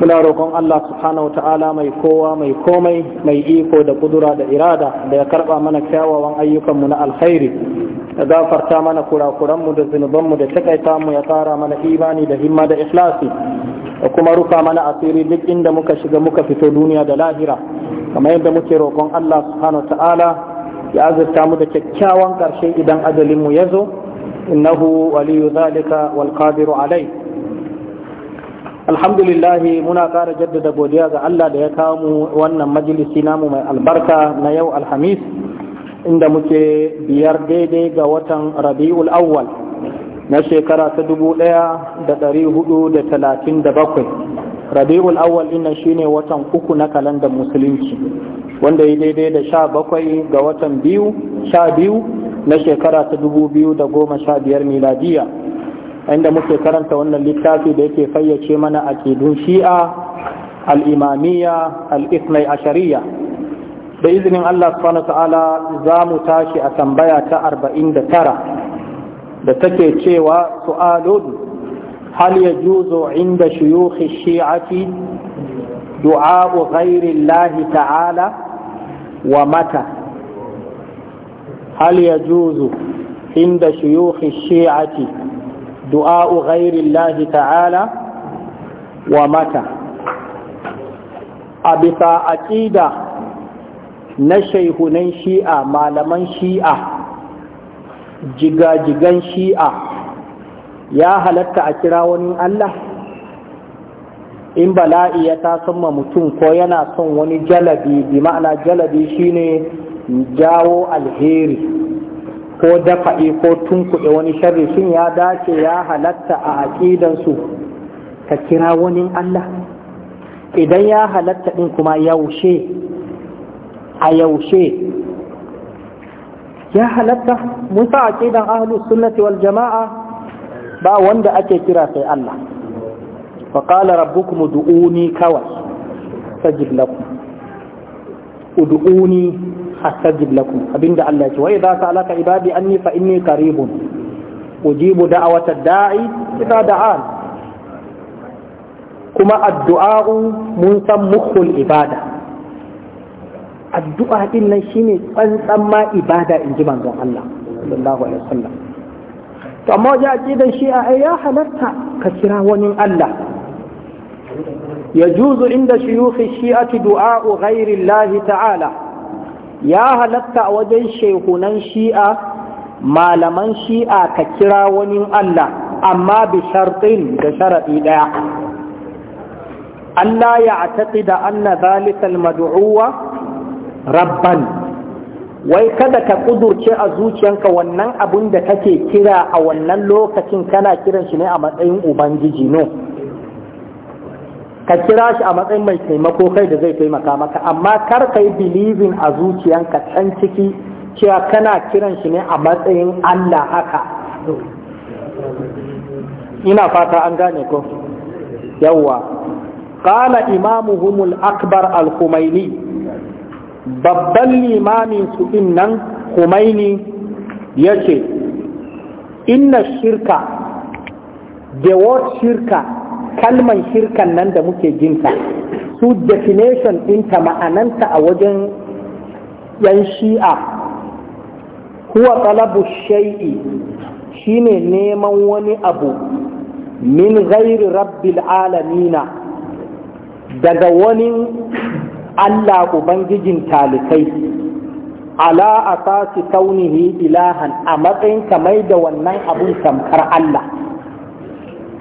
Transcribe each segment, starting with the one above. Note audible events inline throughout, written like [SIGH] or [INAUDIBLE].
muna roƙon Allah subhanahu ta'ala mai kowa mai komai mai iko da kudura da irada da ya karɓa mana kyawawan ayyukanmu na alkhairi ya gafarta mana kurakuranmu da zunubanmu da takaita mu ya tara mana imani da himma da ikhlasi da kuma rufa mana asiri duk inda muka shiga muka fito duniya da lahira kamar yadda muke roƙon Allah subhanahu ta'ala ya azurta mu da kyakkyawan ƙarshe idan ajalinmu ya zo innahu waliyu zalika wal qadiru alhamdulillahi muna ƙara jaddada godiya ga Allah da ya kawo mu wannan majalisi namu mai albarka na yau alhamis inda muke biyar daidai ga watan rabi'ul awwal na shekara ta dubu ɗaya da ɗari hudu da talatin da bakwai rabi'ul awwal ina shine watan uku na kalandar musulunci wanda ya daidai da sha bakwai ga watan biyu sha biyu na shekara ta dubu biyu da goma sha biyar miladiya inda muke karanta wannan littafi da yake fayyace mana akidun shi'a al al'isnai ashariya da izinin Allah subhanahu ta'ala za mu tashi a tambaya ta 49 da take cewa su'alun hal ya juzo inda shuyukhi shi'ati du'a'u ghairi ta'ala wa mata hal ya juzo inda shuyukhi shi'ati du'a'u ghairillahi ta'ala wa mata a bisa aƙida na shaihunan shi'a malaman shi'a jigajigan shi'a ya halatta a kira wani Allah in bala'i ya ma mutum ko yana son wani jalabi bi ma'ana jalabi shine jawo alheri ko dafa'i ko tunkuɗe wani sharri shin ya dace ya halatta a aƙidansu ka kira wani Allah idan ya halatta ɗin kuma yaushe a yaushe ya halatta musa aƙidan ahlus sunnati wal jama'a ba wanda ake kira sai Allah wa qala rabbukum du'uni kawai sajib lakum ud'uni astajib lakum abinda Allah ce wai za ka alaka ibadi anni fa inni qaribun ujibu da'awata da'i idza da'an kuma addu'a mun san mukhul ibada addu'a din nan shine tsantsan ma ibada in ji manzon Allah sallallahu alaihi wasallam to amma wajen aqidan shi'a ai ya halarta, ka kira wani Allah يجوز عند شيوخ الشيعة دعاء غير الله تعالى يا هلتا وجن شيخنا شيعة ما لمن شيعة كترا ونين الله أما بشرط بشرط إله ألا يعتقد أن ذلك المدعو ربا wai kada ka kudurce a zuciyanka wannan abin da kake kira a wannan lokacin kana kiran shi ne a matsayin ubangiji no ka kira shi a matsayin mai taimako kai da zai taimaka maka amma kar ka yi bilivin a zuciyanka can ciki cewa kana kiran shi ne a matsayin Allah haka ina fata an gane ko yawwa qala imamuhum al-akbar al-humaini babban limamin su innan humaini yace inna shirka the word shirka kalman shirkan nan da muke jinta su definition ɗinta ma'ananta a wajen yan shi'a huwa talabu shai'i shine neman wani abu min ghairi rabbil alamina daga wani Allah Ubangijin talikai ala asasi kaunihi ilahan a matsayin kamar da wannan abun tamkar Allah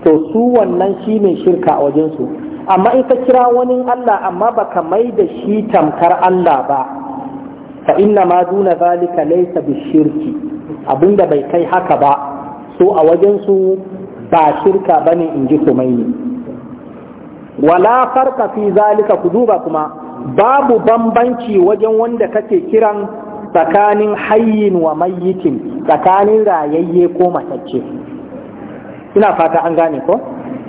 to su wannan shi shine shirka a wajensu amma in ka kira wani Allah amma baka mai da shi tamkar Allah ba fa inna ma duna zalika laysa bishirki abinda bai kai haka ba su a wajensu ba shirka bane in ji kumaini wala farka fi zalika ku duba kuma babu bambanci wajen wanda kake kiran tsakanin hayyin wa mayyitin tsakanin rayayye ko matacce ina fata an gane ko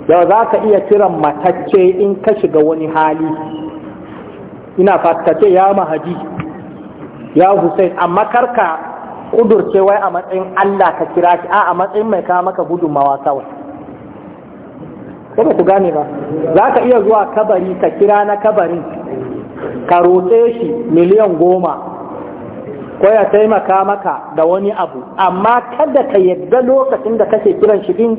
yau za ka iya kiran matacce in ka shiga wani hali ina fata ce ya mahaji ya hussein amma karka kudurce wai a matsayin allah ka kira shi a matsayin mai ka maka gudunmawa kawai ko ku gane ba za ka iya zuwa kabari ka kira na kabarin ka roƙe shi miliyan goma ko ya taimaka maka da wani abu amma kada ka yadda lokacin da kake kiran shi din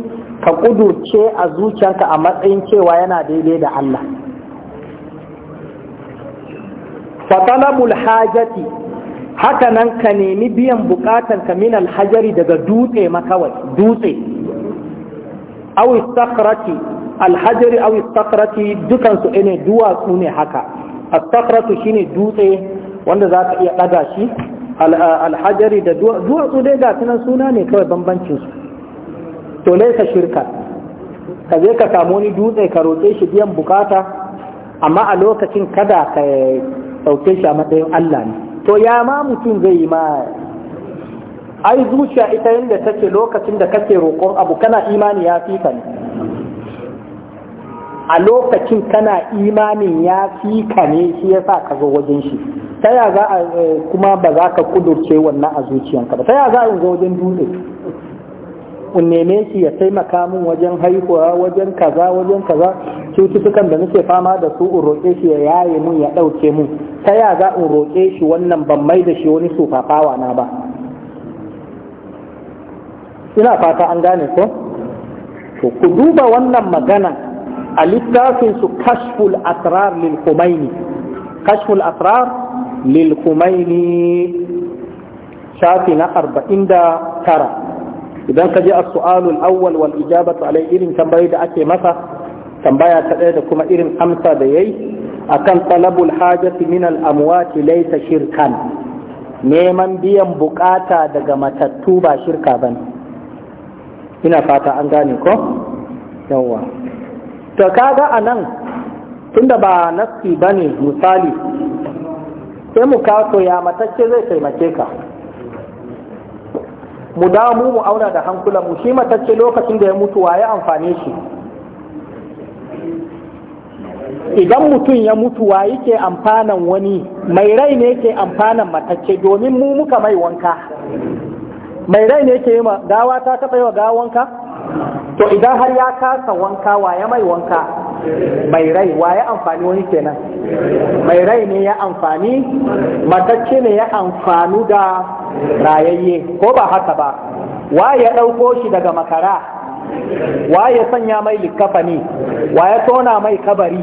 ka kudurce a zuciyarka a matsayin cewa yana daidai da Allah fatalabul hajati haka nan ka nemi biyan bukatan ka min alhajari daga dutse makawai dutse aw istakrati alhajari aw istakrati dukan su ne duwatsu ne haka astakratu shine dutse wanda za ka iya ɗaga shi alhajari da duwatsu dai ga sunan suna ne kawai bambancin su to laisa shirka ka je ka samu wani dutse ka roƙe shi biyan bukata amma a lokacin kada ka ɗauke shi a matsayin Allah ne to ya ma mutum zai yi ma ai zuciya ita yadda take lokacin da kake roƙon abu kana imani ya fi ka ne a lokacin kana imanin ya fi ka ne shi yasa ka zo wajen shi ta ya za a eh, kuma ba za ka kudurce wannan a zuciyanka ba ta ya za a zo wajen dutse in neme shi ya taimaka min wajen haihuwa wajen kaza wajen kaza cututtukan da nake fama da su in roƙe shi ya yaye mun ya ɗauke mun ta ya za in roƙe shi wannan ban mai da shi wani sufafawa na ba ina fata an gane ko to ku duba wannan magana a littafin su kashful asrar lil kumaini kashful asrar lil Khumaini shafi na arba'in da tara idan ka je a su'alul awwal wal ijabatu alai irin tambayi da ake masa tambaya ta ɗaya da kuma irin amsa da yayi akan talabul hajati min al amwati laisa shirkan neman biyan bukata daga matattu ba shirka ne, ina fata an gane ko yawa to kaga anan tunda ba ba bane misali sai mu kawo ya matacce zai taimake ka mu dawo mu mu auna da hankula mu shi matacce lokacin da ya mutu waye amfane shi idan mutum ya mutu waye ke amfanan wani mai rai ne yake amfanan matacce domin mu muka mai wanka mai rai ne yake gawa ta taɓa yi wa gawa wanka to idan har ya kasa wanka waye mai wanka mai rai wa ya amfani wani kenan mai rai ne ya amfani matacce ne ya amfanu da rayayye ko ba haka ba wa ya ɗauko shi daga makara wa ya sanya mai likafani wa ya tona mai kabari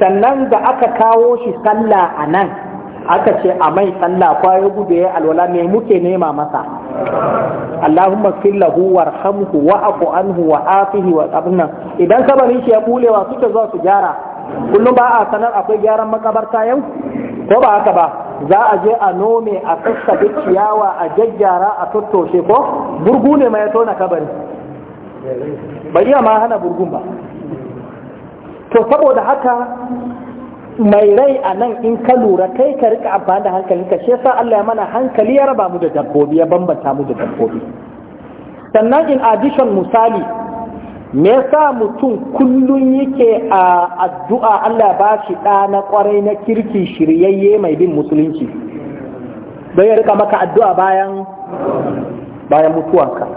sannan da aka kawo shi sallah a nan aka ce a mai sallah kwayo gudu ya alwala ne muke nema masa Allahumma fil lahu warhamhu idan kabarin shi ya bulewa suke zuwa su gyara kullum ba a sanar akwai gyaran makabarta yau ko ba haka ba za a je a nome a sassabe ciyawa a jajjara a tattoshe ko burgu ne mai tona kabari bari ma hana burgun ba to saboda haka mai rai a nan in ka lura kai ka rika amfani da hankali ka shi yasa Allah ya mana hankali ya raba mu da dabbobi ya bambanta mu da dabbobi sannan in addition misali me yasa mutum kullun yake a addu'a Allah ya bashi da na kwarai na kirki shiryayye mai bin musulunci don ya rika maka addu'a bayan bayan mutuwanka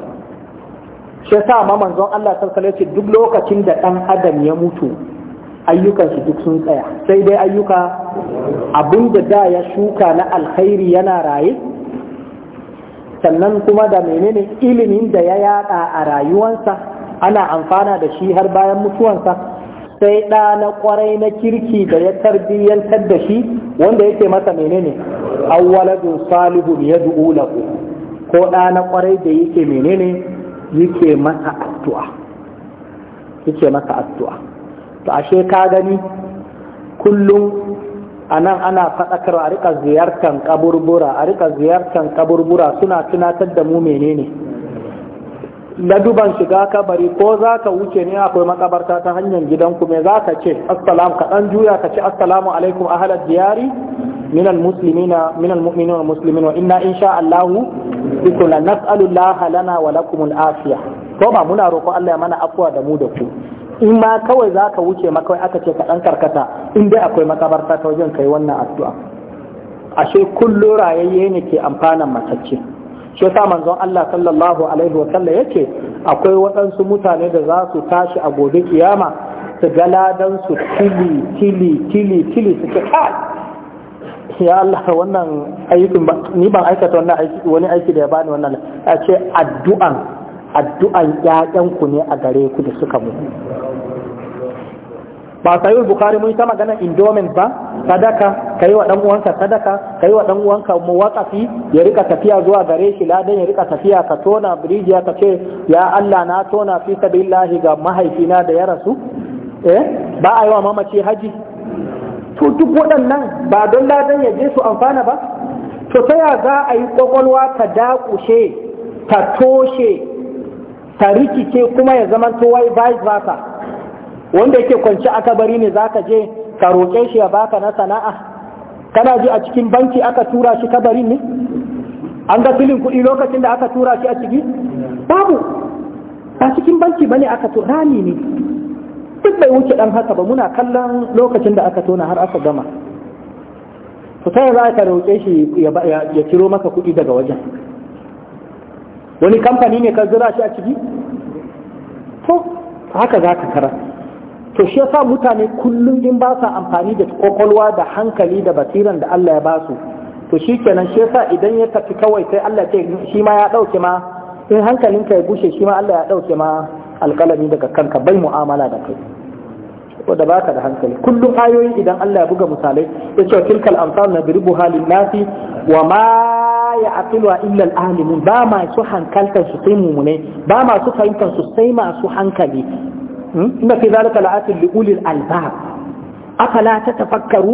shi yasa ma manzon Allah sallallahu alaihi duk lokacin da dan adam ya mutu ayyukan shi duk sun tsaya sai dai ayyuka abin da da ya shuka na alkhairi yana raye sannan kuma da menene ilimin da ya yada a rayuwansa ana amfana da shi har bayan mutuwansa sai ɗa na kwarai na kirki da ya tarbiyyantar da shi wanda yake masa menene awwaladun salihun ya lahu ko ɗa na kwarai da yake menene yake masa addu'a yake masa addu'a to ashe ka gani kullum a nan ana faɗakar a rika ziyartar kaburbura a rika ziyartar kaburbura suna tunatar da mu menene laduban shiga kabari ko za ka wuce ne akwai makabarta ta hanyar gidanku me za ka ce assalam ka ɗan juya ka ce assalamu alaikum ahalar diyari من minan من المؤمنين والمسلمين وإنا إن شاء الله بكنا نسأل الله لنا ولكم afiya to ba muna roƙo Allah ya mana afuwa da mu da ku in ma kawai za ka wuce ma kawai aka ce ka ɗan karkata in dai akwai makabarta ta wajen kai wannan addu'a ashe kullu rayayye ne ke amfanan matacce shi yasa manzon Allah sallallahu alaihi wa sallam yake akwai waɗansu mutane da za su tashi a gobe kiyama su gala su tili tili tili tili su ce ya Allah wannan aikin ni ban aikata wannan aiki wani aiki da ya bani wannan a ce addu'an addu'an 'ya'yanku ne a gare ku da suka mu. ba sayi bukari mun ta magana indomin ba sadaka yi wa dan uwanka sadaka yi wa dan uwanka muwaqafi ya rika tafiya zuwa gare shi ladan ya rika tafiya ka tona birijiya ka ce ya Allah na tona fi sabilillahi ga mahaifina da ya rasu eh ba a yi wa mamaci haji to duk waɗannan ba don ladan ya je su amfana ba to ta ya za a yi ƙwaƙwalwa ta dakushe ta toshe ta rikice kuma ya zama to wai vice versa wanda yake kwanci aka bari ne zaka je ka roƙe shi ya baka na sana'a kana ji a cikin banki aka tura shi kabari ne an ga filin kuɗi lokacin da aka tura shi a ciki babu a cikin banki bane aka tura rami ne duk bai wuce dan haka ba muna kallon lokacin da aka tona har aka gama to sai za ka roƙe shi ya ciro maka kuɗi daga wajen wani kamfani ne ka zira shi a ciki to haka za ka kara to shi yasa mutane kullum in ba sa amfani da kokolwa da hankali da basiran da Allah ya ba su to shi kenan shi yasa idan ya tafi kawai sai Allah ce shi ma ya dauke ma in hankalinka ya bushe shi ma Allah ya dauke ma alkalami daga kanka bai mu'amala da kai saboda baka da hankali kullum ayoyi idan Allah ya buga misalai ya ce tilkal amsal na biribu halin nasi wa ma ya aqilwa illa al-alimun ba ma su hankaltar su sai mumune ba ma su fahimtar su sai masu hankali hmm? inna fi zalika la'atin li ulil albab afala tatafakkaru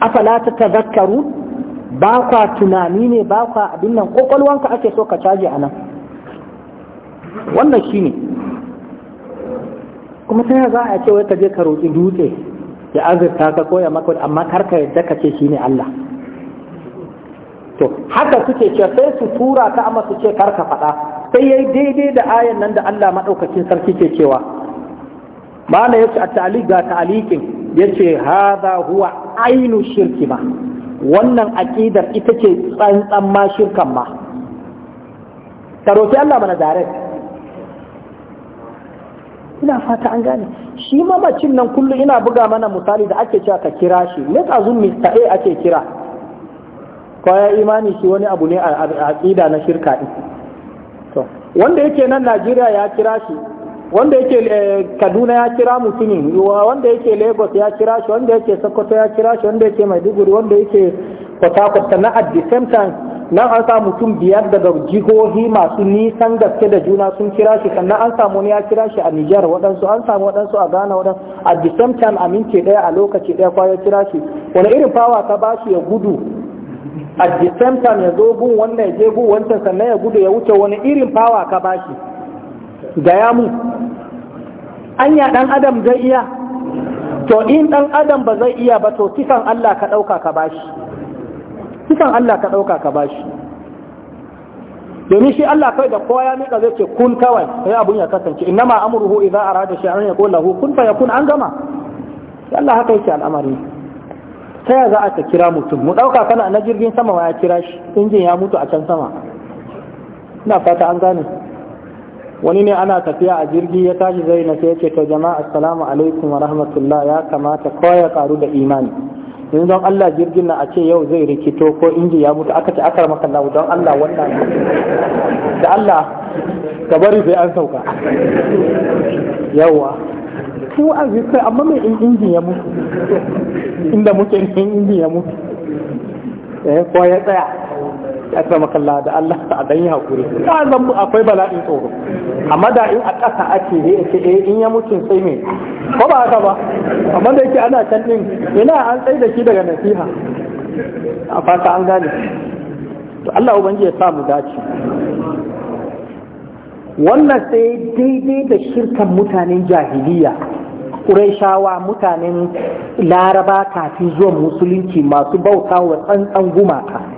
afala tatadhakkaru ba kwa tunani ne ba kwa abin nan kokolwanka ake so ka caje anan wannan shine kuma ta za a ce wai ka je ka roƙi dutse ya azurta ka koya maka amma kar ka yadda ka ce shine Allah to haka suke ce sai su tura ka amma su ce kar ka faɗa sai yayi daidai da ayan nan da Allah madaukakin sarki ke cewa mana yace a ta'liq ga ta'liqin yace hadha huwa ainu shirki ma wannan aqidar ita ce tsantsan ma shirkan ma ka Allah mana direct ina fata an gane shi mamacin nan kullum ina buga mana misali da ake cewa ka kira shi let azum mr a ake kira kwaya imani shi wani abu ne a tsida na shirka ɗi to wanda yake nan Najeriya ya kira shi wanda yake eh, Kaduna ya kira mutumin wanda yake Lagos ya kira shi wanda yake Sokoto ya kira shi wanda yake Maiduguri wanda yake kwata-kwata na at the same time nan an samu mutum biyar daga jihohi masu nisan gaske da juna sun kira shi sannan an samu ne ya kira shi a Nijar waɗansu an samu waɗansu a Ghana waɗansu a the same time a minti ɗaya a lokaci ɗaya kwa ya kira shi wani irin fawa ka ba shi ya gudu a the same time ya zo gun wannan ya je gun wancan sannan ya gudu ya wuce wani irin fawa ka ba shi gaya mu anya ɗan adam zai iya to in ɗan adam ba zai iya ba to kisan Allah ka ɗauka ka ba shi kisan Allah ka ɗauka ka bashi domin shi Allah kai da kowa ya miƙa zai ce kun kawai sai abun ya kasance innama amruhu idza arada shay'an yaqul lahu kun an gama sai Allah haka yake al'amari ta ya za a kira mutum mu ɗauka kana na jirgin sama wa ya kira shi injin ya mutu a can sama ina fata an gane wani ne ana tafiya a jirgi ya tashi zai na sai ya ce to jama'a assalamu alaikum wa rahmatullah ya kamata kowa ya karu da imani yanzu don Allah jirgin na a ce yau zai rikito ko inji ya mutu aka ce aka maka lahu don Allah wannan da Allah ka bari sai an sauka yawa ko a kai amma mai in injin ya mutu inda muke in injin ya mutu eh ko ya tsaya akramakalla da Allah ta [LAUGHS] dan yi hakuri ka zan akwai bala'in tsoro amma da in a ƙasa ake ne ce eh in ya mutun sai me ko ba haka ba amma da yake ana can din ina an tsai da shi daga nasiha a fata an gane to Allah ubangiji ya sa mu dace wannan sai daidai da shirkan mutanen jahiliya ƙuraishawa mutanen laraba kafin zuwan musulunci masu bauta wa tsantsan gumaka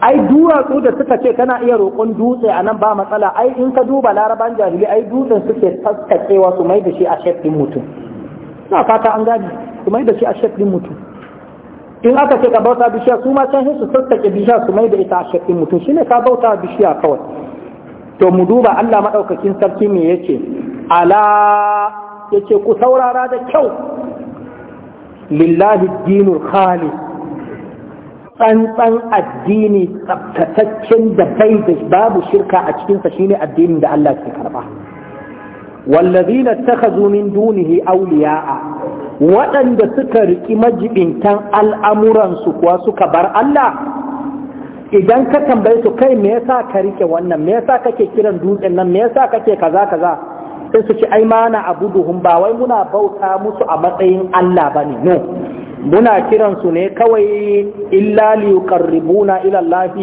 ai duwatsu da suka ce kana iya roƙon dutse a nan ba matsala ai in ka duba laraban jahili ai dutsen suke taskacewa su mai da shi a shef mutum na fata an gani su mai da shi a shef mutum in aka ce ka bauta bishiya su ma can su taskace bishiya su mai da ita a shef mutum. mutum shine ka bauta bishiya kawai to mu duba Allah madaukakin sarki me yace ala yace ku saurara da kyau lillahi dinul khalis tsantsan addini tsabtataccen da bai da babu shirka a cikinsa shine addinin da Allah ke karba wallazina takhazu min dunihi awliya'a waɗanda suka riki majibintan al'amuransu kuwa suka bar Allah idan ka tambaye su kai me yasa ka rike wannan me yasa kake kiran dutsen nan me yasa kake kaza kaza sai su ci ai mana abuduhum ba wai muna bauta musu a matsayin Allah bane no muna kiransu ne kawai illa liyuqarribuna ila Allah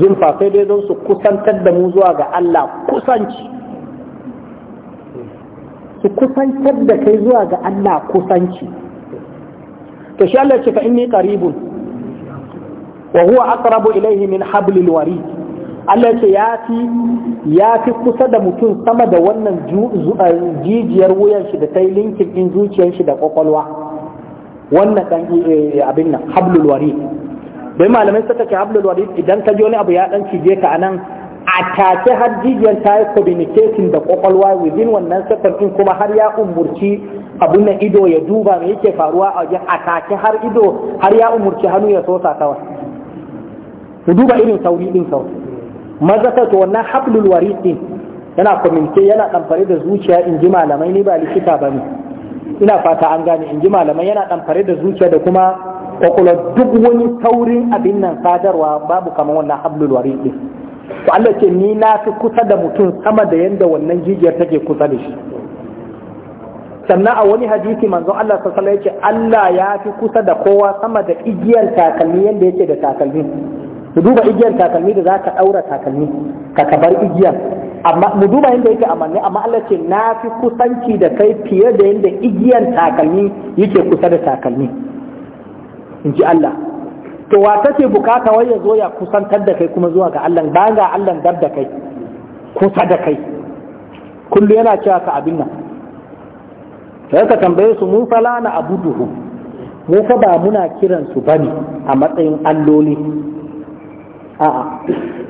zunfa sai dai don su kusantar da mu zuwa ga Allah kusanci su kusantar da kai zuwa ga Allah kusanci to shi Allah ce fa inni qaribun wa huwa aqrabu ilayhi min hablil warid Allah ce ya fi ya fi kusa da mutum sama da wannan jijiyar wuyan shi da ta yi linkin din zuciyar shi da kwakwalwa wannan dan eh, abin nan hablul warid bai malamai suka ce hablul warid idan ka ji wani abu ya dan cije ka anan a take har jijiyar ta yi communication da kwakwalwa within wannan second in kuma har ya umurci abun na ido ya duba me yake faruwa a wajen a take har ido har ya umurci hannu ya sosa kawai ku duba irin sauri din kawai maza ta wannan hablul warid din yana communicate yana damfare da zuciya in ji malamai ne ba likita ba ne ina fata an gane in ji malamai yana ɗamfare da zuciya da kuma kwakwalwa duk wani taurin abin nan sadarwa babu kamar wannan hablul warid din to Allah ce ni na fi kusa da mutum sama da yadda wannan jijiyar take kusa da shi sannan a wani hadisi manzon Allah sallallahu alaihi Allah ya fi kusa da kowa sama da igiyar takalmi yadda yake da takalmi ku duba igiyar takalmi da zaka daura takalmi ka kabar igiyar amma mu duba yadda yake amanni amma Allah ce na fi kusanci da kai fiye da yadda igiyan takalmi yake kusa da takalmi in ji Allah to wa kake bukata wai ya zo ya kusantar da kai kuma zuwa ga Allah bayan ga Allah dab da kai kusa da kai kullu yana cewa ka abin nan sai ka tambaye su mun fala na abuduhu mu fa ba muna kiran su bane a matsayin alloli a'a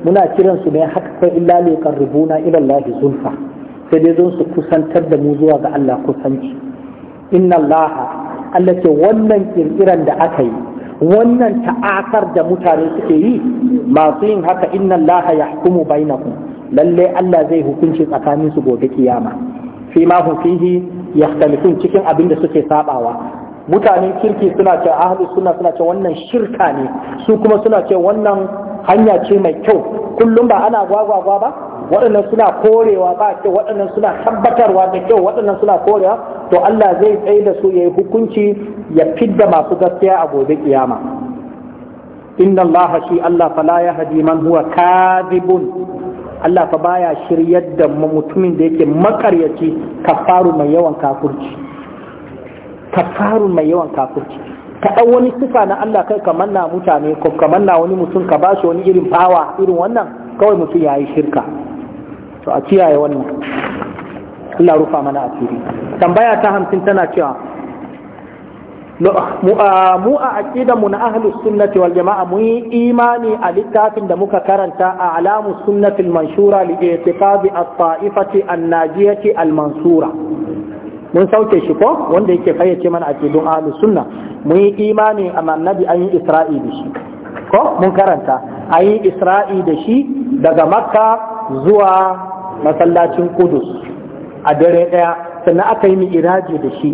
muna kiran su ne haka kai illa li qarribuna ila allahi zulfa sai dai don su kusantar da mu zuwa ga Allah kusanci inna Allah Allah ce wannan kirkiran da aka yi wannan ta'asar da mutane suke yi masu yin haka inna Allah ya hukumu bainakum lalle Allah zai hukunci tsakanin su gobe kiyama fi ma hukunci yahtalifun cikin abin da suke sabawa mutanen kirki suna ce ahlu suna suna ce wannan shirka ne su kuma suna ce wannan hanya ce mai kyau kullum ba ana gwagwagwa ba waɗannan suna korewa ba kyau waɗannan suna tabbatarwa da kyau waɗannan suna korewa to Allah zai tsaye da su ya yi hukunci ya fidda masu gaskiya a gobe kiyama inna Allah shi Allah la ya hadi man huwa kadibun Allah fa baya shiryar da mutumin da yake makaryaci kafaru mai yawan kafurci kafarun mai yawan kafirci ka ɗau wani sifa na Allah kai ka manna mutane ko ka manna wani mutum ka ba shi wani irin fawa irin wannan kawai mutum ya yi shirka to a kiyaye wannan Allah rufa mana asiri tambaya ta hamsin tana cewa mu a mu na ahlus sunnati wal jama'a mu yi imani a littafin da muka karanta a alamu sunnati al mansura li i'tiqadi at-ta'ifati an-najiyati al-mansura mun sauke shi ko wanda yake fayyace mana a cikin ahlus sunna mun yi imani a annabi an yi isra'i da shi ko mun karanta an yi isra'i da shi daga makka zuwa masallacin kudus a dare daya sannan aka yi mi'iraji da shi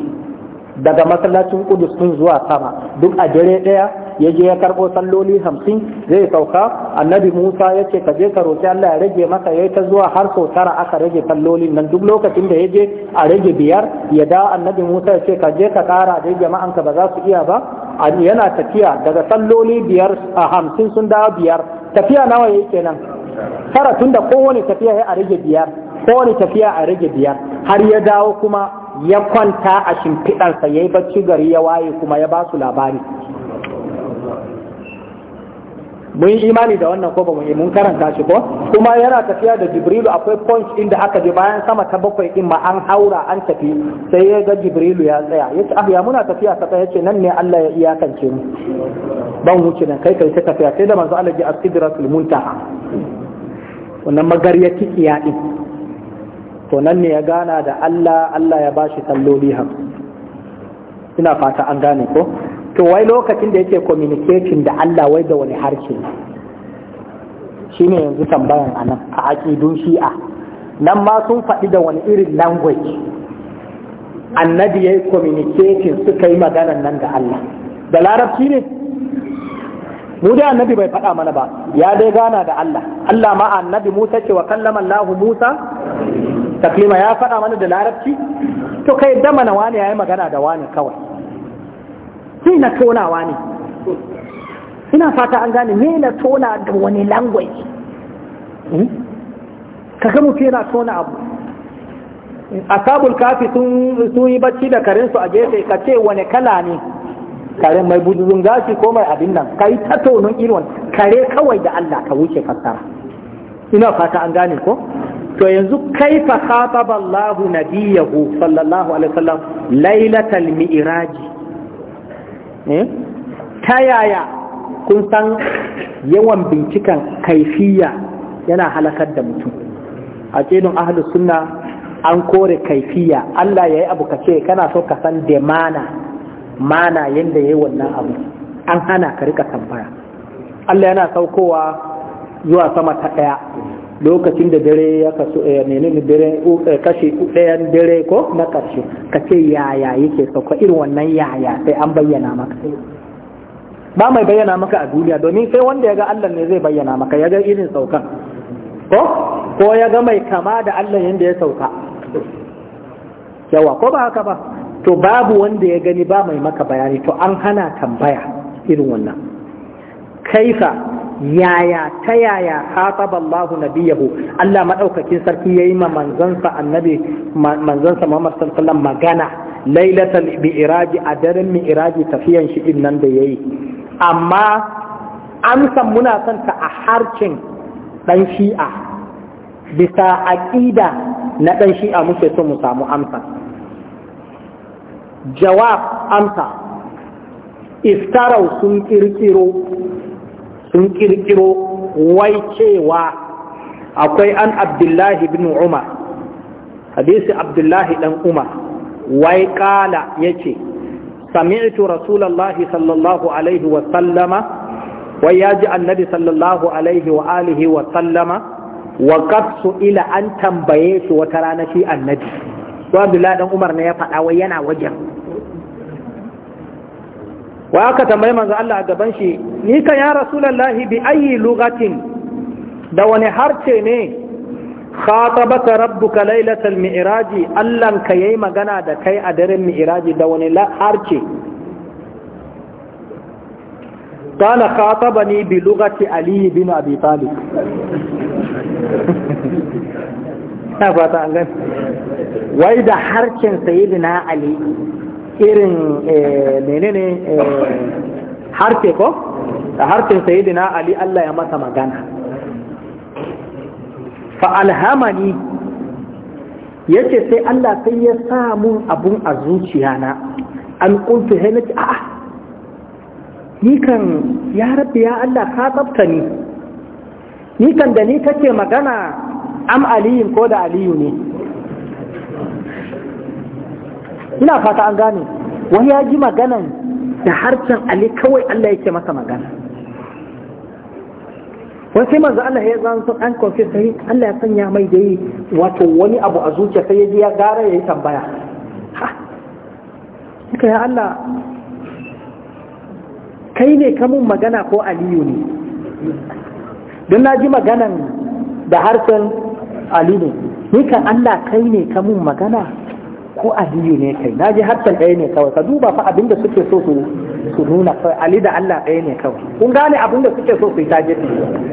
daga masallacin kudus sun zuwa sama duk a dare daya ya je ya karɓo salloli hamsin zai sauka annabi musa ya ce ka je ka roki allah ya rage masa ya ta zuwa har sau tara aka rage sallolin nan duk lokacin da ya je a rage biyar ya da annabi musa ya ce ka je ka kara da jama'anka ba za su iya ba yana tafiya daga salloli biyar a hamsin sun dawo biyar tafiya nawa ya kenan tara tun da kowane tafiya ya a rage biyar kowane tafiya a rage biyar har ya dawo kuma ya kwanta a shimfiɗarsa ya yi bacci gari ya waye kuma ya ba su labari mun yi imani da wannan ko ba mun yi mun karanta shi ko kuma yana tafiya da jibrilu akwai point din da aka je bayan sama ta bakwai in ma an haura an tafi sai ya ga jibrilu ya tsaya yace ah ya muna tafiya ta tsaya yace nan ne Allah ya iyakance mu ban wuce nan kai kai ta tafiya sai da manzo Allah ya as-sidratul muntaha wannan kiki ya din to nan ne ya gana da Allah Allah ya bashi talloli ha ina fata an gane ko to wai lokacin da yake communicating da Allah wai da wani harshe shine yanzu tambayan anan a aqidun shi'a nan ma sun faɗi da wani irin language annabi yayi communicating suka yi maganar nan da Allah da larabci ne mu dai annabi bai faɗa mana ba ya dai gana da Allah Allah ma annabi Musa ce wa kallama Allah Musa taklima ya faɗa mana da larabci to kai da mana wani yayi magana da wani kawai Sai na tonawa ne ina fata an gane me na tona da wani language hmm? kaga mutum yana tona abu asabul kafi sun yi bacci da karensu a gefe ka ce wane kala ne kare mai budurun gashi ko mai abin nan ka yi ta tonon irin kare kawai da Allah ka wuce fassara ina fata an gane ko to yanzu kaifa khataba Allah nabiyahu sallallahu alaihi wasallam lailatal mi'raji Eh? ta yaya kun san yawan binciken kaifiya yana halakar da mutum a cikin ahlus sunna an kore kaifiya Allah ya yi abu kace kana so ka san da mana mana yadda ya yi wannan abu an hana ka rika tambaya Allah yana saukowa zuwa sama ta ɗaya lokacin da dare ya kaso eh, menene dare eh, kashi ɗayan dare ko na ƙarshe ka ce yaya yake sauka irin wannan yaya sai an bayyana maka ba mai bayyana maka a duniya domin sai wanda ya ga Allah ne zai bayyana maka ya ga irin saukan ko ko ya ga mai kama da Allah yanda ya sauka yawa ko ba haka ba to babu wanda ya gani ba mai maka bayani to an hana tambaya irin wannan kaifa yaya ta yaya khataba Allah nabiyahu Allah madaukakin sarki yayi ma manzansa annabi manzansa Muhammad sallallahu alaihi wasallam magana lailatul mi'raji a daren mi'raji tafiyan shi din nan da yayi amma amsan muna son ta a harcin dan shi'a bisa aqida na dan shi'a muke so mu samu amsa jawab amsa iftarau sun kirkiro sun kirkiro wai cewa akwai an abdullahi bin umar hadisi abdullahi dan umar wai kala yace sami'tu rasulullahi sallallahu alaihi wa sallama wai ya ji annabi sallallahu alaihi wa alihi wa sallama wa kafsu ila an tambaye shi wata rana shi annabi to abdullahi dan umar ne ya faɗa wai yana wajen wa aka tambayi manzo Allah a gaban shi ni ka ya rasulallahi bi ayi lugatin da wani harce ne khatabaka rabbuka lailatal mi'raji allan ka yayi magana da kai a daren mi'raji da wani harce bi lugati ali bin abi talib طالب [LAUGHS] fata an gani wai da harcin sayyidina ali irin eh, menene eh, harfe ko da harfin sayidina ali Allah ya masa magana fa alhamani yace sai Allah sai ya sa mun abun a zuciya na an kuntu he a a'a ni kan ya rabbi ya Allah ka tsafta ni ni kan da ni kake magana am aliyin ko da aliyu ne ina fata an gane wani ya ji maganan da harshen ali kawai Allah yake masa magana wasu manzo Allah ya zan an kofi sai Allah ya sanya mai da yi wato wani abu a zuciya sai ya ji ya gara ya yi tambaya ha ya Allah kai ne kamun magana ko aliyu ne don na ji maganan da harshen Aliyu ne ni kan Allah kai ne kamun magana ko aliyu ne kai na ji hatta ɗaya ne kawai ka duba fa abin da suke so su nuna ali da allah ɗaya ne kawai kun gane abin da suke so su yi taje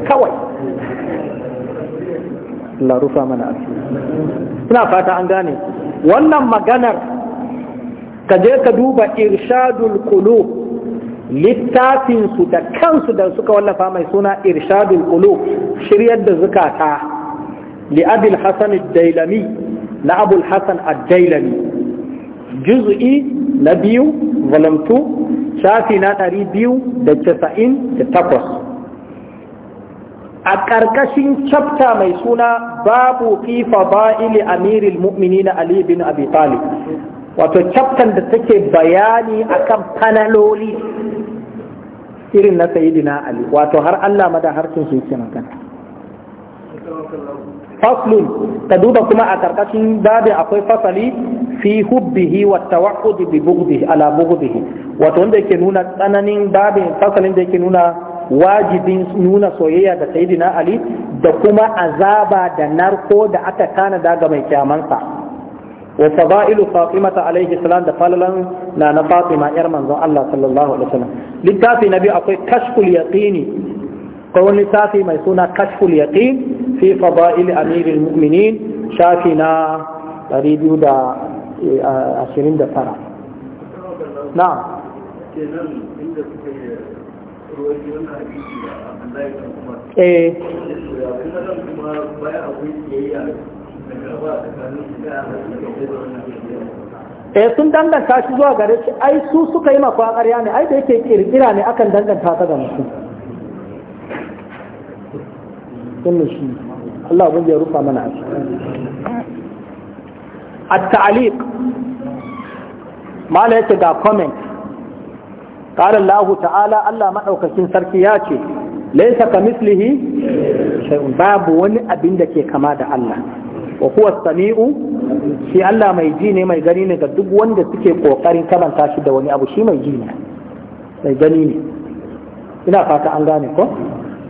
kawai Allah rufa mana asiri ina fata an gane wannan maganar ka je ka duba irshadul qulub littafinsu da kansu da suka wallafa mai suna irshadul qulub shiryar da zukata li abil hasan dailami na abul hassan addailami juz'i na biyu valamtu shafi na ɗari biyu da casa'in da takwas a ƙarƙashin chapter mai suna babu fifa fada'ili amiril na ali bin abi talib wato chapter da take bayani akan fanaloli irin na sayyidina ali wato har Allah ma da shi kenan kan faslun ka duba kuma a karkashin babin akwai fasali fi hubbihi wa tawaqqudi bi bughdihi ala bughdihi wato wanda yake nuna tsananin babin fasalin da yake nuna wajibin nuna soyayya da sayyidina ali da kuma azaba da narko da aka kana ga mai kyamansa wa fadailu fatimata Alayhi salam da falalan na na fatima yar manzon Allah sallallahu alaihi wasallam littafi nabi akwai kashful yaqini ko wani littafi mai suna kashful yaqin fi fada'il amiril mu'minin shafi na 229 na eh eh sun danganta shi zuwa gare shi ai su suka yi makwa ƙarya ne ai da yake kirkira ne akan danganta ta ga mutum sun shi Allah abin ya rufa mana ashi A taliq mala yake ga comment ƙarar Allah ta'ala Allah maɗaukacin sarki ya ce Laisa ka mislihi, babu wani abin da ke kama da Allah wa kuwa samiu shi Allah mai ji ne mai gani ne ga duk wanda suke ƙoƙarin karanta shi da wani abu shi mai ji ne mai gani ne ina fata an gane ko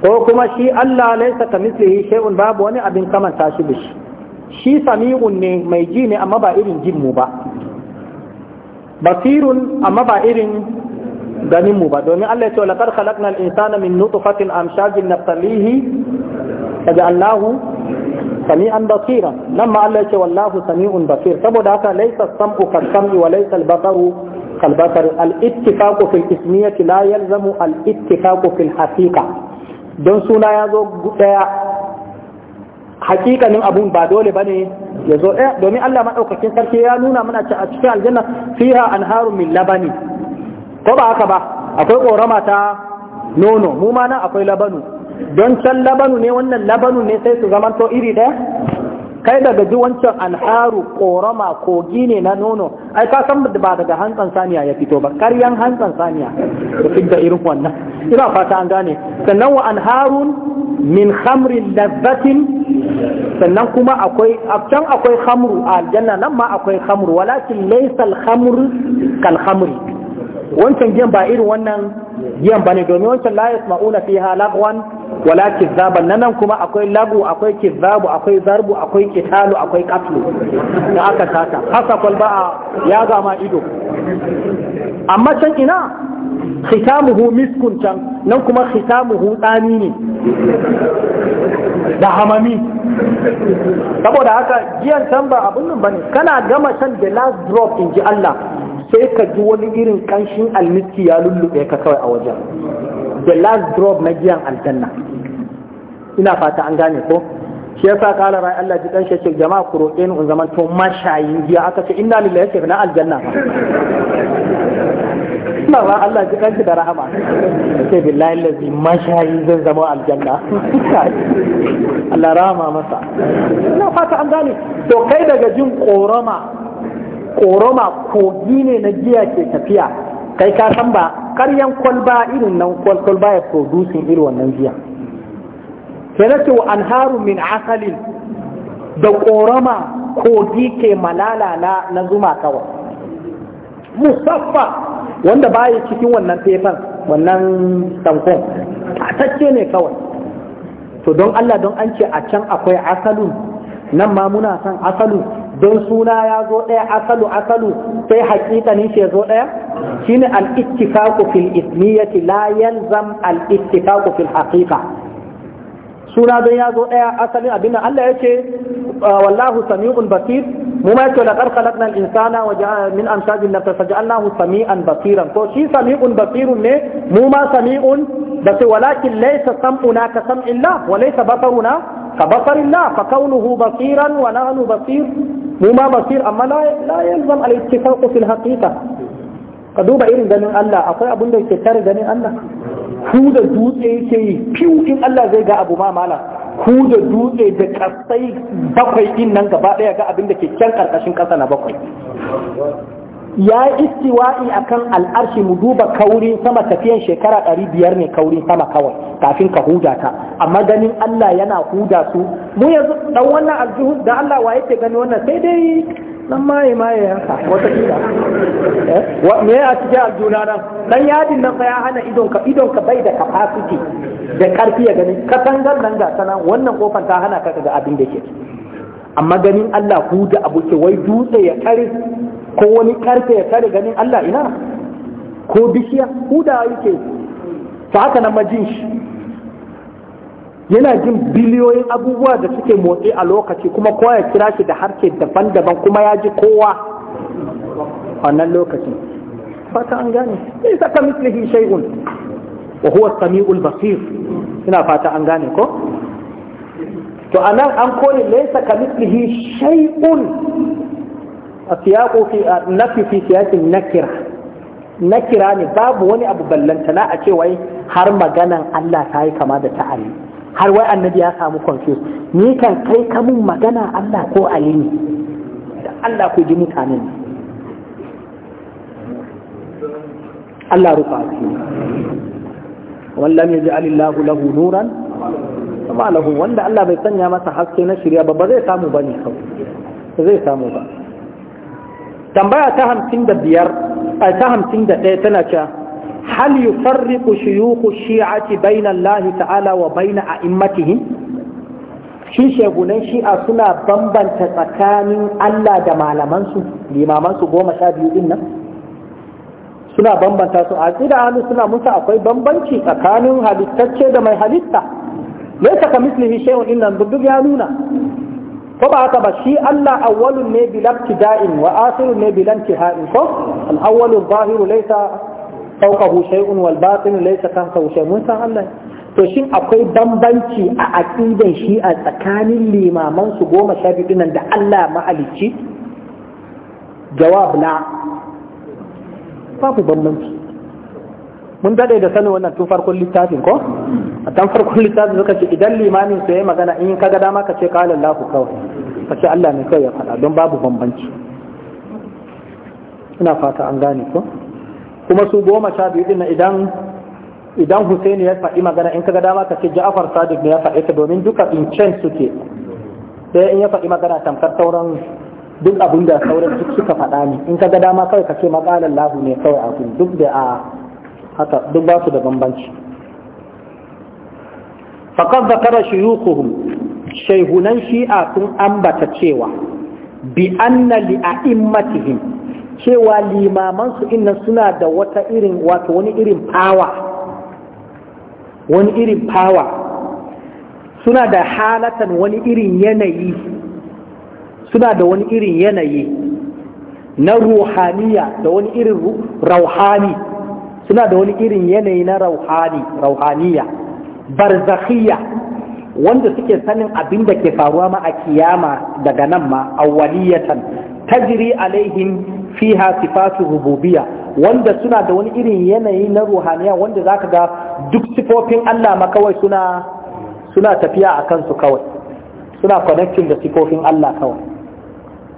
ko kuma shi Allah laisa ka mislihi shay'un babu wani abin kamanta shi bishi shi sami'un ne mai ji ne amma ba irin jin mu ba basirun amma ba irin ganin mu ba domin Allah ya ce laqad khalaqna al-insana min nutfatin amshajin nabtalihi faj'alnahu sami'an basira nan ma Allah ya ce wallahu sami'un basir saboda haka laisa as-sam'u kal-sam'i wa laisa al-basaru kal-basari al-ittifaqu fil ismiyati la yalzamu al-ittifaqu fil haqiqah don suna ya zo ɗaya hakikanin abun ba dole ba ne ya zo ɗaya domin Allah maɗaukakin sarki ya nuna mana a cikin aljanna fiha an min labani ko ba haka ba akwai ƙorama ta nono mu ma nan akwai labanu don can labanu ne wannan labanu ne sai su zamanto iri ɗaya kai daga ji wancan alharu korama kogi ne na nono ai ka san ba daga hantsan saniya ya fito ba karyan hantsan saniya da da irin wannan ina fata an gane sannan wa anharun min khamrin lazzatin sannan kuma akwai can akwai khamru a aljanna nan ma akwai khamru walakin laysa al kal khamri wancan giyan ba irin wannan giyan bane domin wancan la yasma'una fiha lagwan wala kizzaban nan kuma akwai lagu akwai kizzabu akwai zarbu akwai kitalu akwai katlu da aka sata hasa kwalba a ya gama ido amma can ina khitamuhu miskun can nan kuma khitamuhu dani ne da hamami saboda haka giyan san ba abun nan bane kana gama san the last drop in ji Allah sai ka ji wani irin kanshin almiski ya lullube ka kawai a wajen the last drop na giyan aljanna ina fata an gane ko shi yasa kala rai Allah ji dan shekek jama'a ku roƙe ni in zaman to mashayin giya aka ce inna lillahi wa inna aljanna ina ba Allah ji dan shi da rahama sai billahi allazi mashayin zan zama aljanna [LAUGHS] Allah rahama masa ina fata an gane to kai daga jin korama korama kogi ne na giya ke tafiya kai ka san ba karyan kwalba irin nan kwalba ya producing irin wannan giya ke na cewa an haru min asalin da korama kogi ke malala na zuma kawai musaffa wanda baya cikin wannan fefan wannan tankon tatacce ne kawai to don Allah don an ce a can akwai asalin, nan ma muna san asalin. don suna ya zo ɗaya asalu asalu sai hakikanin ni ya zo ɗaya shine al-ittifaqu fil ismiyati la yalzam al'ittifaku ittifaqu fil haqiqa suna don ya zo ɗaya asalin abin Allah ya ce ah, wallahu sami'un basir mu ma yake laqad khalaqna al-insana wa min amsajin nafsa faj'alnahu sami'an basiran to shi sami'un basirun ne mu ma sami'un basir walakin laysa sam'una ka sam'illah wa laysa basaruna ka basarin la fa kaunuhu basiran wa nahnu basir mu ma basir amma la yalzam al ittifaqu fil haqiqa ka duba irin ganin Allah akwai abin da yake ganin Allah ku da dutse yake yi fiu Allah zai ga abu ma mala ku da dutse da kasai bakwai din nan gaba ɗaya, ga abinda ke kyan karkashin ƙasa na bakwai ya yi istiwa'i akan al'arshi mu duba kaurin sama tafiyan shekara ɗari biyar ne kaurin sama kawai kafin ka huda ta amma ganin Allah yana huda su mu yanzu dan wannan aljuhu da Allah wa yake gani wannan sai dai nan maye maye yanka wata kila eh, wa me a cikin aljuna nan dan yadin nan fa ya hana idon ka idon ka bai da capacity da karfi ya gani Ka tangar nan ga sanan wannan kofan ta hana ka ga abin da ke amma ganin Allah ku da abu ke wai dutse ya kare ko wani karfe ya kare ganin Allah ina ko bishiya ku yake ta haka nan majin shi yana jin biliyoyin abubuwa da suke motsi a lokaci kuma kowa ya kira shi da harke daban-daban kuma ya ji kowa wannan lokaci. fata an gane sai saka mislihi shay'un wa huwa samiul basir ina fata an gane ko to anan an kone laisa kamithlihi shay'un asiyaqu fi nafi fi siyaqin nakira nakira ne babu wani abu ballantana a ce wai har maganan Allah ta yi kama da ta Ali har wai annabi ya samu confused ni kan kai kamun magana Allah ko Ali ne Allah ku ji mutanen Allah rufa wallam yaj'alillahu lahu nuran amma alahu wanda Allah bai sanya masa haske na shirya ba ba zai samu ba ne kawai zai samu ba tambaya ta hamsin da biyar a ta hamsin da ɗaya tana cewa hal shi shuyukhu shi'ati bayna Allah ta'ala wa a immatihin shi shegunan shi'a suna bambanta tsakanin Allah da malamansu limamansu goma sha biyu din nan suna bambanta su a tsira hannu suna musa akwai bambanci tsakanin halittacce da mai halitta ليس كمثله شيء إلا بدوب يعلونا فبعت بشي الله أول النبي لا ابتداء وآخر النبي لا انتهاء الأول الظاهر ليس فوقه شيء والباطن ليس كنفه شيء موسى الله فشين أقول بمبنتي أعقيد شيء أتكان الإمامان سبو مشابقنا عند الله ما أليتي جواب لا فابو بمبنتي mun dade da sanin wannan tun farkon littafin ko a tan farkon littafin suka ce idan limamin su yayi magana in kaga dama ka ce qala Allah kawai ka ce Allah ne kawai ya faɗa don babu bambanci ina fata an gane ko kuma su goma sha biyu din idan idan ya faɗi magana in kaga dama ka ce Ja'far Sadiq ne ya faɗi ta domin duka in can suke sai in ya faɗi magana tamkar sauran duk abin da sauran duk suka faɗa ne in kaga dama kawai ka ce maqalan lahu ne kawai abin duk da a haka duk ba su da bambanci faqad zakara shuyukhuhum shaihunan shi'a sun ambata cewa bi anna li a'immatihim cewa limaman su inna suna da wata irin wato wani irin power wani irin power suna da halatan wani irin yanayi suna da wani irin yanayi na ruhaniya da wani irin rauhani suna da wani irin yanayi na rauhani rauhaniya barzakhiya wanda suke sanin abin da ke faruwa ma a kiyama daga nan ma awwaliyatan tajri alaihim fiha sifatu rububiyya wanda suna da wani irin yanayi na ruhaniya wanda zaka ga duk sifofin Allah ma kawai suna suna tafiya a kansu kawai suna connecting da sifofin Allah kawai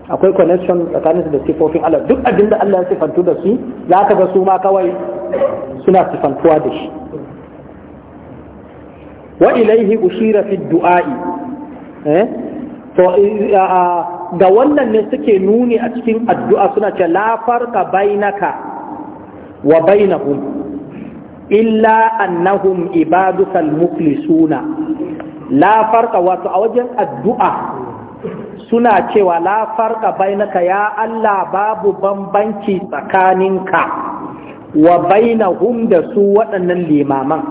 akwai connection tsakanin da sifofin Allah duk abin da Allah ya sifantu da su za ka ga su ma kawai suna sifantuwa da shi wa ilaihi ushira fi du'a'i eh? ga wannan ne suke nuni a cikin addu'a suna ce la farqa bainaka wa bainahum illa annahum ibaduka al la farqa wato a wajen addu'a suna cewa la farka bainaka ya Allah babu bambanci tsakaninka wa bainahum da su waɗannan limaman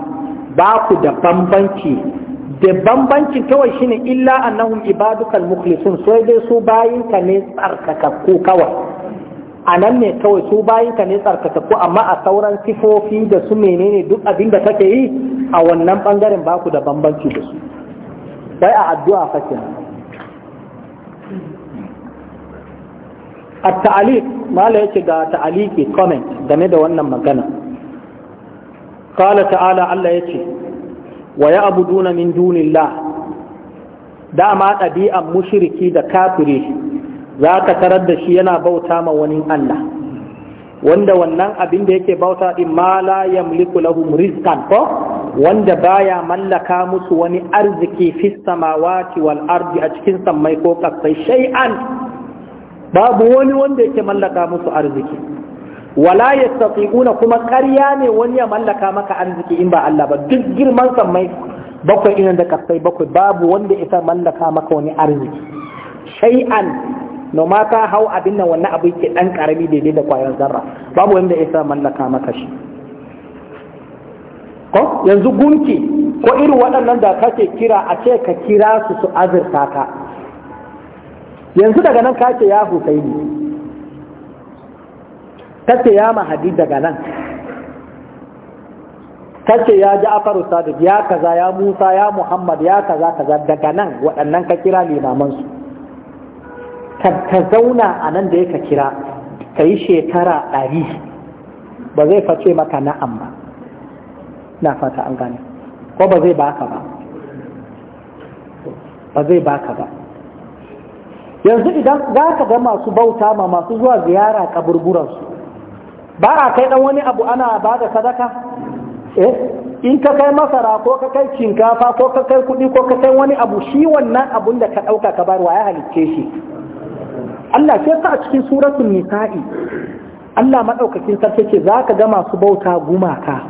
ba ku da bambanci da bambanci kawai shine illa annahum ibadukal mukhlisun sai dai su bayinka ne tsarkakakku kawai a nan ne kawai su bayinka ne tsarkakakku amma a sauran sifofi da su menene duk abin da kake yi a wannan bangaren ba ku da bambanci da su sai a addu'a fa التعليق ما لا يتقى تعليقي comment game da wannan magana ta'ala Allah الله يتي ويعبدون من دون الله dama ɗabi'an mushriki da kafiri za ka tarar da shi yana bauta ma wani Allah wanda wannan abin da yake bauta din ma la yamliku ko wanda baya mallaka musu wani arziki fis samawati wal a cikin sammai ko kasai shay'an babu wani wanda yake mallaka musu arziki wala yastati'una kuma ƙarya ne wani ya mallaka maka arziki in ba Allah ba duk girman mai bakwai ina da kasai bakwai babu wanda isa mallaka maka wani arziki shay'an no mata hau abin nan wannan abu yake dan karami daidai da kwayar zarra babu wanda isa mallaka maka shi ko yanzu gunki ko irin waɗannan da kake kira a ce ka kira su su azurta ka yanzu daga nan ka ce ya husaini ka ce ya mahadi daga nan ka ce ya ja'faru sadiq ya kaza ya musa ya muhammad ya kaza kaza daga nan waɗannan ka kira limamansu ka zauna a nan da ya ka kira ka yi shekara ɗari ba zai face maka na'am ba na fata an gane ko ba zai baka ba ba zai baka ba yanzu idan za ka ga masu bauta ma masu zuwa ziyara kaburburansu ba a kai dan wani abu ana ba da sadaka eh in ka kai masara ko ka kai shinkafa ko ka kai kuɗi ko ka kai wani abu shi wannan abun da ka ɗauka ka barwa ya halicce shi Allah ce ka a cikin suratul nisa'i Allah maɗaukacin sarki ce za ka ga masu bauta gumaka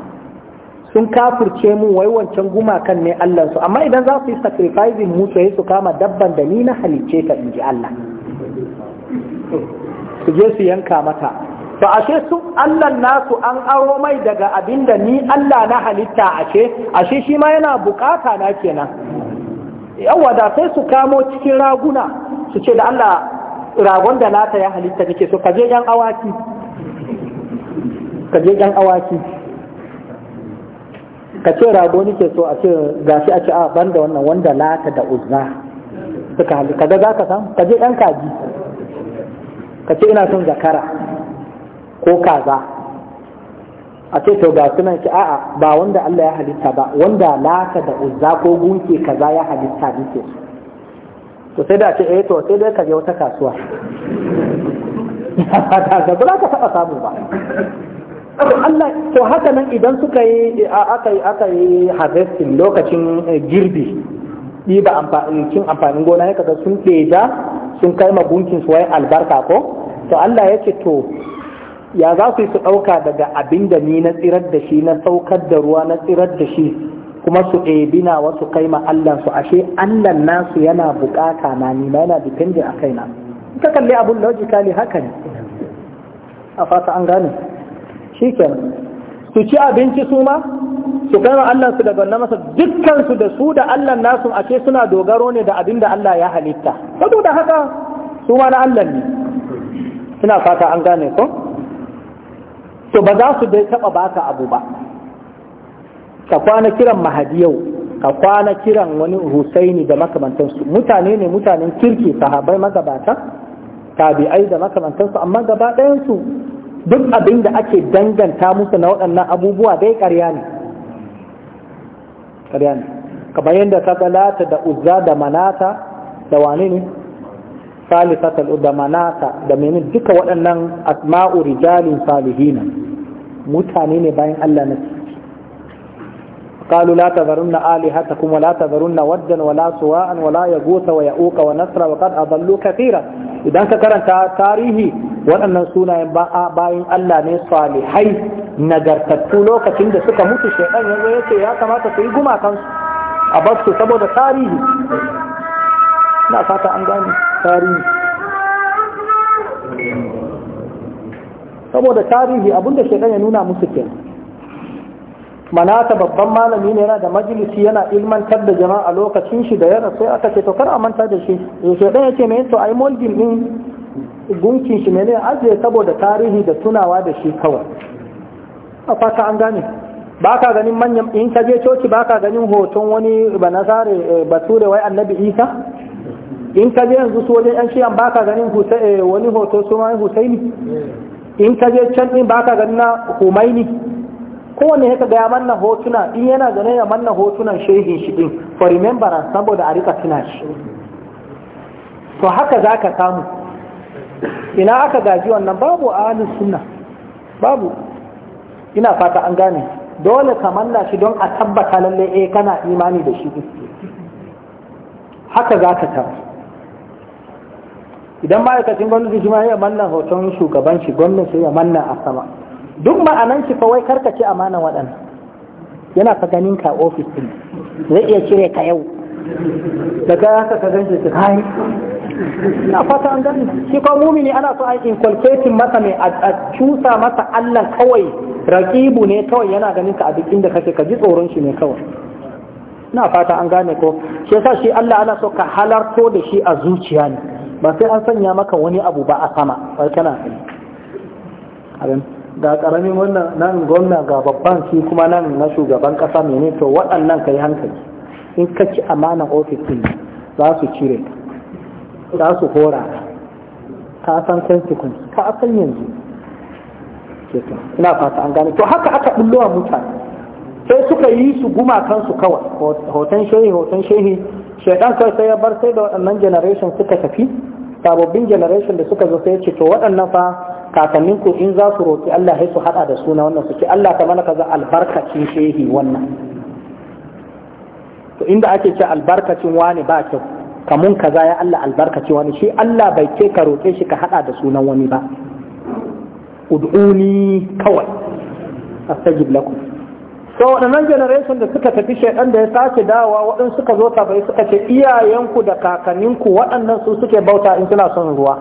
sun kafurce mu wai wancan gumakan ne Allah su amma idan za su yi sacrificing mu sai su kama dabban da ni na halicce ta inji Allah su je su yanka mata to ashe su Allah nasu an aro mai daga abinda ni Allah na halitta ashe ashe shi ma yana bukata na kenan yawa da sai su kamo cikin raguna su ce da Allah ragon da nata ya halitta nake so je yan awaki je yan awaki ka ce rago nike so a ce gashi a ce a banda wannan wanda lata da uzza suka hali kaga za ka san ka je ɗan kaji ka ce ina son zakara ko kaza a ce to ga sunan ki a'a ba wanda Allah ya halitta ba wanda lata da uzza ko gunke kaza ya halitta nike to sai da ce eh to sai dai ka je wata kasuwa [LAUGHS] ba za ka taɓa samu ba Allah to haka nan idan suka yi aka yi aka yi harvesting lokacin eh, girbi ɗiba amfani cin amfanin gona ya kaga sun ɗeja sun kai ma gunkin su wai albarka ko to Allah ya to ya za su yi su ɗauka daga abin da ni na tsirar da shi na saukar da ruwa na tsirar da shi kuma su ɗebina wasu kai ma Allah su ashe Allah nasu yana bukata na ni ma yana dependent a kaina ka kalli abun logically haka ne a fata an gane shikenan su ci abinci su ma su kai wa Allah su daga na masa dukkan su da su da Allah nasu a ce suna dogaro ne da abin da Allah ya halitta saboda haka su ma na Allah ne ina fata an gane ko to ba za su dai taba baka abu ba ka kwana kiran mahadi yau ka kwana kiran wani husaini da makamantansu mutane ne mutanen kirki sahabbai magabata tabi'ai da makamantansu amma gaba su. duk abin da ake danganta musu na waɗannan abubuwa dai ƙarya ne ƙarya ne kamar yadda ka galata da uzza da manata da wani ne salisatul da manata da mene duka waɗannan asma'u rijalin salihina mutane ne bayan Allah na قالوا لا تذرن آلهتكم ولا تذرن ودا ولا سواء ولا يغوث ويعوق ونسر وقد أضلوا كثيرا إذا كرنت تاريخي waɗannan sunayen bayan Allah ne salihai nagartattu lokacin da suka mutu shekan yanzu ya ce ya kamata su yi gumakansu a basu saboda tarihi na fata an gani tarihi saboda tarihi abinda shekan ya nuna musu ke manata babban malami ne yana da majalisi yana ilmantar da jama'a lokacin shi da yana sai aka ce to kar a manta da shi shekan ya ce mai to ai molgin din gunkin shi ne ajiye saboda tarihi da tunawa da shi kawai a fata an gane ba ka ganin manyan in ka je coci ba ka ganin hoton wani banasare eh, bature wai annabi isa in ka je yanzu su wajen yan shiyan ba ka ganin eh, wani hoto su ma husaini in ka je can din ba ka ganin na humaini kowanne ya ka gaya manna hotuna in yana zaune ya manna hotunan shehin shi din for remembrance saboda a rika tuna shi to haka za ka samu ina aka gaji wannan babu a halin suna babu ina fata an gane dole ka manna shi don a tabbata lalle eh kana imani da shi haka za ka tabbata idan ma'aikacin gwamnati shi ma ya manna hoton shugaban shi gwamnati sai ya manna a sama duk ma'anan shi fa wai karkace amana waɗannan yana ka ganin ka ofis din zai iya cire ka yau daga haka ka ganshi ka kai na fata an gani shi ko mumini ana so ai inkwalfetin masa ne a cusa masa Allah kawai rakibu ne kawai yana ganin a dukkan da kake ka ji tsoron shi ne kawai na fata an gane ko shi yasa shi Allah ana so ka halarto da shi a zuciya ne ba sai an sanya maka wani abu ba a sama ba kana Da karamin wannan nan gwamna ga babban shi kuma nan na shugaban kasa ne to waɗannan ka yi hankali in ka ci amanan ofis din za su cire ka za su hora ka san consequence ka san yanzu ina fata an gane to haka aka bullowa mutane sai suka yi su kansu kawai hoton shehi hoton shehi shaidan kai sai ya bar sai da waɗannan generation suka tafi sababbin generation da suka zo sai ce to waɗannan fa kakannin ku in za su roƙi Allah sai su haɗa da suna wannan su ce Allah ta mana kaza albarkacin shehi wannan to inda ake ce albarkacin wani ba kyau kamun kaza ya Allah albarkaci wani shi Allah bai ce ka roƙe shi ka haɗa da sunan wani ba ud'uni kawai astajib lakum so waɗannan generation da suka tafi shaidan da ya sace dawa waɗansu suka zo ta bai suka ce iyayenku da kakanninku waɗannan su suke bauta in suna son ruwa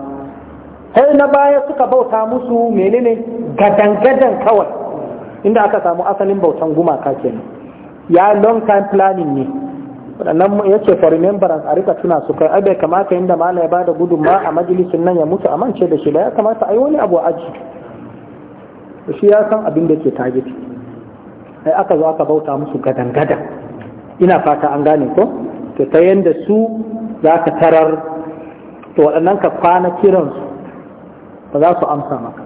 sai na baya suka bauta musu menene gadan-gadan kawai inda aka samu asalin bautan gumaka kenan ya long time planning ne waɗannan ya ce for remembrance a rika tuna su kai abai kamata inda mala ya bada gudunma a majalisun nan ya mutu a mance da shi da ya kamata a yi wani abu a aji shi ya san abin da ke target ai aka zo aka bauta musu gadan gadan ina fata an gane ko to ta yanda su za ka tarar to waɗannan ka kwana kiransu ba za su amsa maka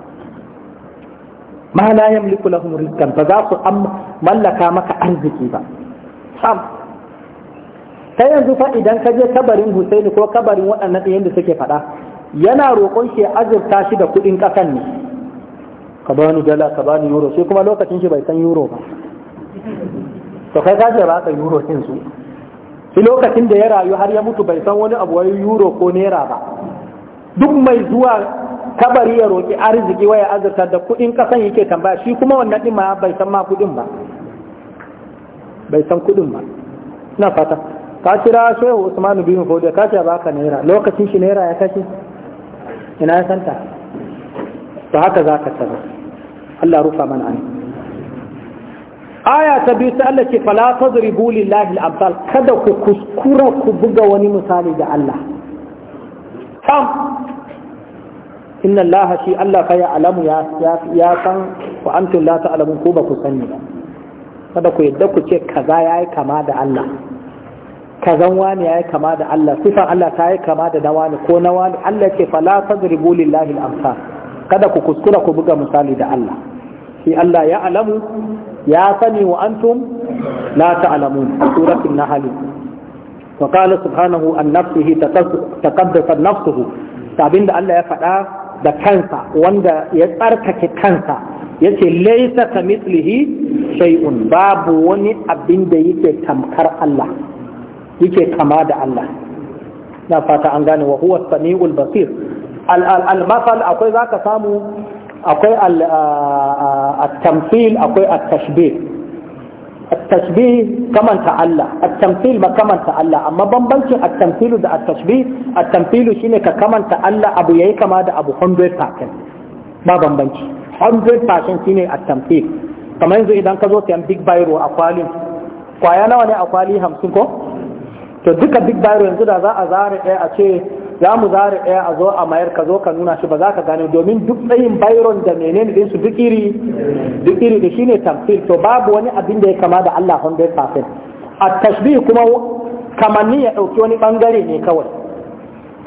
ma la yamliku lahum rizqan ba za su mallaka maka arziki ba sam ta yanzu fa idan ka je kabarin Husaini ko kabarin waɗannan ɗayan da suke faɗa yana roƙon shi azurta shi da kuɗin ƙasan ne ka bani dala ka bani euro sai kuma lokacin shi bai san euro ba to kai ka ce ba ka euro din su shi lokacin da ya rayu har ya mutu bai san wani abu wai euro ko naira ba duk mai zuwa kabari ya roƙi arziki waya azurta da kuɗin ƙasan yake tambaya shi kuma wannan ɗin ma bai san ma kuɗin ba bai san kuɗin ba ina fata ka kira shehu usmanu bin fodiyo ka ce ka naira lokacin shi naira ya kashe ina ya santa to haka za ka taba Allah rufa mana an aya ta biyu ta Allah ce fala tadribu buli al-amsal kada ku kuskura ku buga wani misali da Allah sam inna Allah shi Allah fa ya'lamu ya san wa antum la ta'lamun ku ba ku sani ba kada ku yadda ku ce kaza yayi kama da Allah kazan wani ya yi kama da Allah sifan Allah ta yi kama da na wani ko na wani Allah ce fala tadribu lillahi al-amsal kada ku kuskura ku buga misali da Allah shi Allah ya alamu ya sani wa antum la ta'lamun suratul nahl wa qala subhanahu an nafsihi taqaddasat nafsuhu abinda Allah ya faɗa da kansa wanda ya tsarkake kansa yace laysa kamithlihi shay'un babu wani abin da yake tamkar Allah yake kama da Allah na fata an gane wa huwa sami'ul basir al-masal akwai zaka samu akwai at-tamthil akwai at-tashbih kamanta Allah at ba kamanta Allah amma bambancin at da at-tashbih at-tamthil shine ka kamanta Allah abu yayi kama da abu 100% ba bambanci 100% shine at-tamthil yanzu idan ka zo sayan big biro a kwalin kwaya nawa ne a kwali 50 ko to duka duk bayar yanzu da za a zare ɗaya a ce za mu zare ɗaya a zo a mayar ka zo ka nuna shi ba za ka gane domin duk tsayin byron da menene ɗinsu duk iri duk iri da shine tamfil to babu wani abin da ya kama da Allah 100% a tashbih kuma kamanni ya ɗauki wani ɓangare ne kawai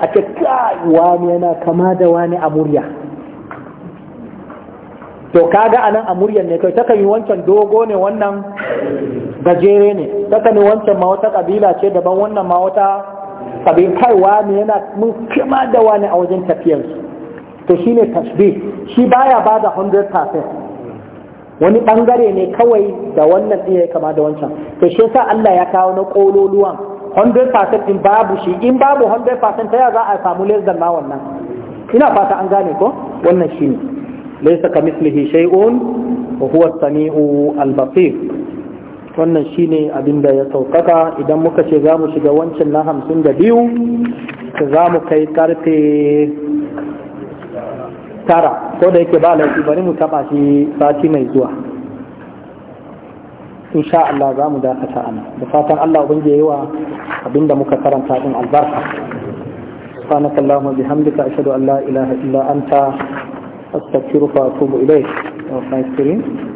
a ce kai wani yana kama da wani a murya to kaga anan a muryar ne kai takan yi wancan dogo ne wannan gajere ne saka ne wancan ma wata kabila ce daban wannan ma wata kabila kaiwa ne yana mun kima da wani a wajen tafiyarsu to shi ne tashbih shi baya bada 100% wani bangare ne kawai da wannan ɗin ya kama da wancan to shi sa Allah ya kawo na kololuwan 100% din babu shi in babu 100% ta ya za a samu lezzar than ma wannan ina fata an gane ko wannan shi laysa ka shay'un wa huwa as-sami'u al-basir wannan shine abin da ya saukaka idan muka ce za mu shiga wancan na hamsin da biyu za mu kai karfe tara ko da yake ba laifi bari mu taba shi sati mai zuwa in sha Allah za mu dakata ana da fatan Allah ubangiji yayi wa abin da muka karanta din albarka سبحانك اللهم وبحمدك أشهد أن لا إله إلا أنت أستغفرك وأتوب إليك.